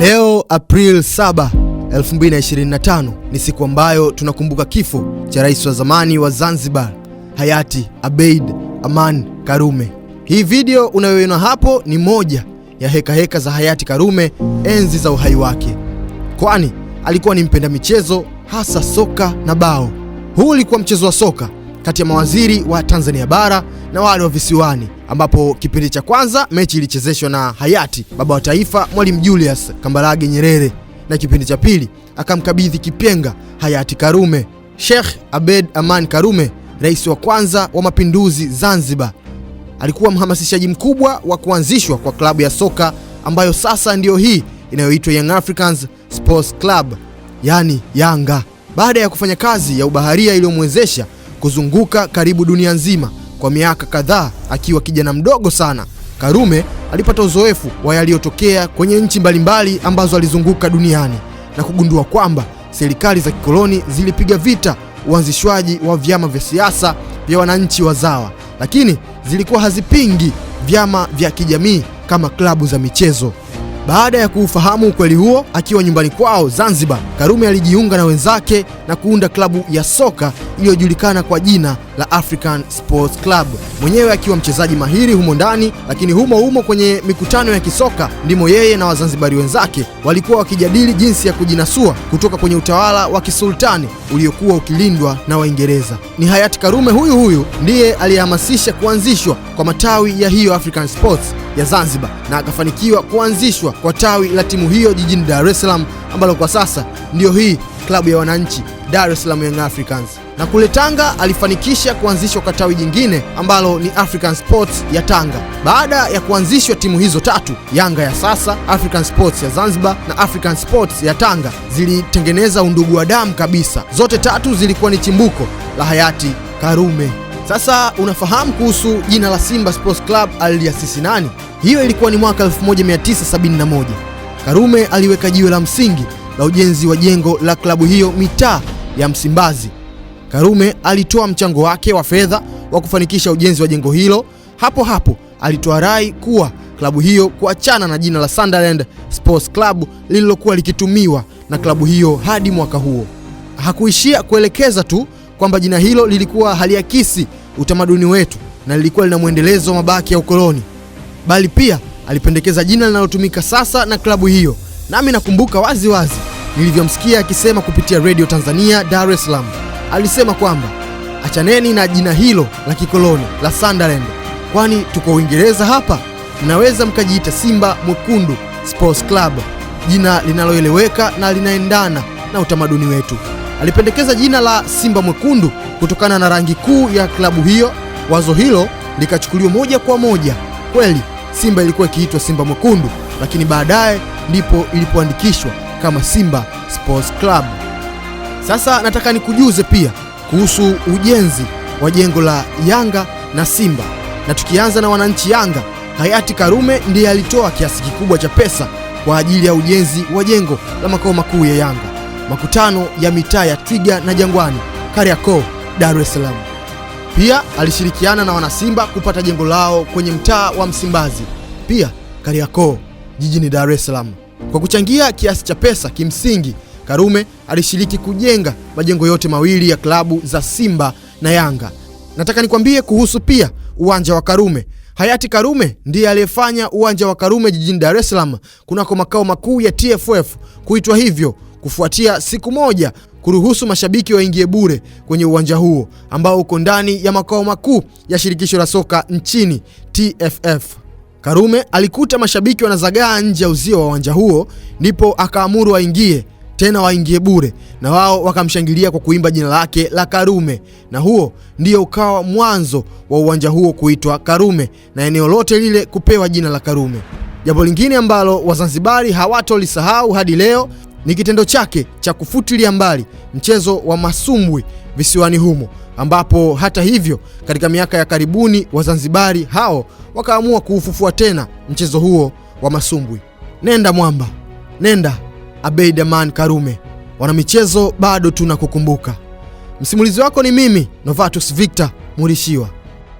Leo April 7, 2025 ni siku ambayo tunakumbuka kifo cha rais wa zamani wa Zanzibar hayati Abeid Aman Karume. Hii video unayoiona hapo ni moja ya hekaheka heka za hayati Karume enzi za uhai wake, kwani alikuwa ni mpenda michezo hasa soka na bao. Huu ulikuwa mchezo wa soka kati ya mawaziri wa Tanzania bara na wale wa visiwani, ambapo kipindi cha kwanza mechi ilichezeshwa na hayati baba wa taifa Mwalimu Julius Kambarage Nyerere na kipindi cha pili akamkabidhi kipenga hayati Karume Sheikh Abed Aman Karume, rais wa kwanza wa mapinduzi Zanzibar. Alikuwa mhamasishaji mkubwa wa kuanzishwa kwa klabu ya soka ambayo sasa ndiyo hii inayoitwa Young Africans Sports Club, yani Yanga. Baada ya kufanya kazi ya ubaharia iliyomwezesha kuzunguka karibu dunia nzima kwa miaka kadhaa. Akiwa kijana mdogo sana, Karume alipata uzoefu wa yaliyotokea kwenye nchi mbalimbali ambazo alizunguka duniani na kugundua kwamba serikali za kikoloni zilipiga vita uanzishwaji wa vyama vya siasa vya wananchi wazawa, lakini zilikuwa hazipingi vyama vya kijamii kama klabu za michezo. Baada ya kuufahamu ukweli huo, akiwa nyumbani kwao Zanzibar, Karume alijiunga na wenzake na kuunda klabu ya soka iliyojulikana kwa jina la African Sports Club, mwenyewe akiwa mchezaji mahiri humo ndani, lakini humo humo kwenye mikutano ya kisoka ndimo yeye na Wazanzibari wenzake walikuwa wakijadili jinsi ya kujinasua kutoka kwenye utawala wa kisultani uliokuwa ukilindwa na Waingereza. Ni hayati Karume huyu huyu ndiye aliyehamasisha kuanzishwa kwa matawi ya hiyo African Sports ya Zanzibar na akafanikiwa kuanzishwa kwa tawi la timu hiyo jijini Dar es Salaam ambalo kwa sasa ndiyo hii klabu ya wananchi Dar es Salaam Young Africans, na kule Tanga alifanikisha kuanzishwa kwa tawi jingine ambalo ni African Sports ya Tanga. Baada ya kuanzishwa timu hizo tatu, Yanga ya sasa, African Sports ya Zanzibar na African Sports ya Tanga zilitengeneza undugu wa damu kabisa. Zote tatu zilikuwa ni chimbuko la hayati Karume. Sasa unafahamu kuhusu jina la Simba Sports Club aliasisi nani? Hiyo ilikuwa ni mwaka 1971. Karume aliweka jiwe la msingi la ujenzi wa jengo la klabu hiyo mitaa ya Msimbazi. Karume alitoa mchango wake wa fedha wa kufanikisha ujenzi wa jengo hilo. Hapo hapo alitoa rai kuwa klabu hiyo kuachana na jina la Sunderland Sports Club lililokuwa likitumiwa na klabu hiyo hadi mwaka huo. Hakuishia kuelekeza tu kwamba jina hilo lilikuwa haliakisi utamaduni wetu na lilikuwa lina mwendelezo wa mabaki ya ukoloni, bali pia alipendekeza jina linalotumika sasa na klabu hiyo. Nami nakumbuka wazi wazi nilivyomsikia akisema kupitia redio Tanzania Dar es Salaam. Alisema kwamba achaneni na jina hilo la kikoloni la Sunderland, kwani tuko Uingereza hapa. Mnaweza mkajiita Simba Mwekundu Sports Club, jina linaloeleweka na linaendana na utamaduni wetu. Alipendekeza jina la Simba Mwekundu kutokana na rangi kuu ya klabu hiyo. Wazo hilo likachukuliwa moja kwa moja. Kweli Simba ilikuwa ikiitwa Simba Mwekundu, lakini baadaye ndipo ilipoandikishwa kama Simba Sports Club. Sasa nataka nikujuze pia kuhusu ujenzi wa jengo la Yanga na Simba, na tukianza na wananchi Yanga, hayati Karume ndiye alitoa kiasi kikubwa cha pesa kwa ajili ya ujenzi wa jengo la makao makuu ya Yanga, makutano ya mitaa ya Twiga na Jangwani, Kariakoo, Dar es Salaam. Pia alishirikiana na wanasimba kupata jengo lao kwenye mtaa wa Msimbazi, pia Kariakoo, jijini Dar es Salaam. Kwa kuchangia kiasi cha pesa, kimsingi Karume alishiriki kujenga majengo yote mawili ya klabu za Simba na Yanga. Nataka nikwambie kuhusu pia uwanja wa Karume. Hayati Karume ndiye aliyefanya uwanja wa Karume jijini Dar es Salaam kunako makao makuu ya TFF kuitwa hivyo kufuatia siku moja kuruhusu mashabiki waingie bure kwenye uwanja huo ambao uko ndani ya makao makuu ya shirikisho la soka nchini TFF. Karume alikuta mashabiki wanazagaa nje ya uzio wa uwanja huo, ndipo akaamuru waingie tena waingie bure, na wao wakamshangilia kwa kuimba jina lake la Karume, na huo ndio ukawa mwanzo wa uwanja huo kuitwa Karume na eneo lote lile kupewa jina la Karume. Jambo lingine ambalo Wazanzibari hawatolisahau hadi leo ni kitendo chake cha kufutilia mbali mchezo wa masumbwi visiwani humo, ambapo hata hivyo, katika miaka ya karibuni Wazanzibari hao wakaamua kuufufua tena mchezo huo wa masumbwi. Nenda mwamba, nenda Abeid Aman Karume. Wanamichezo, bado tunakukumbuka. Msimulizi wako ni mimi Novatus Victor Murishiwa.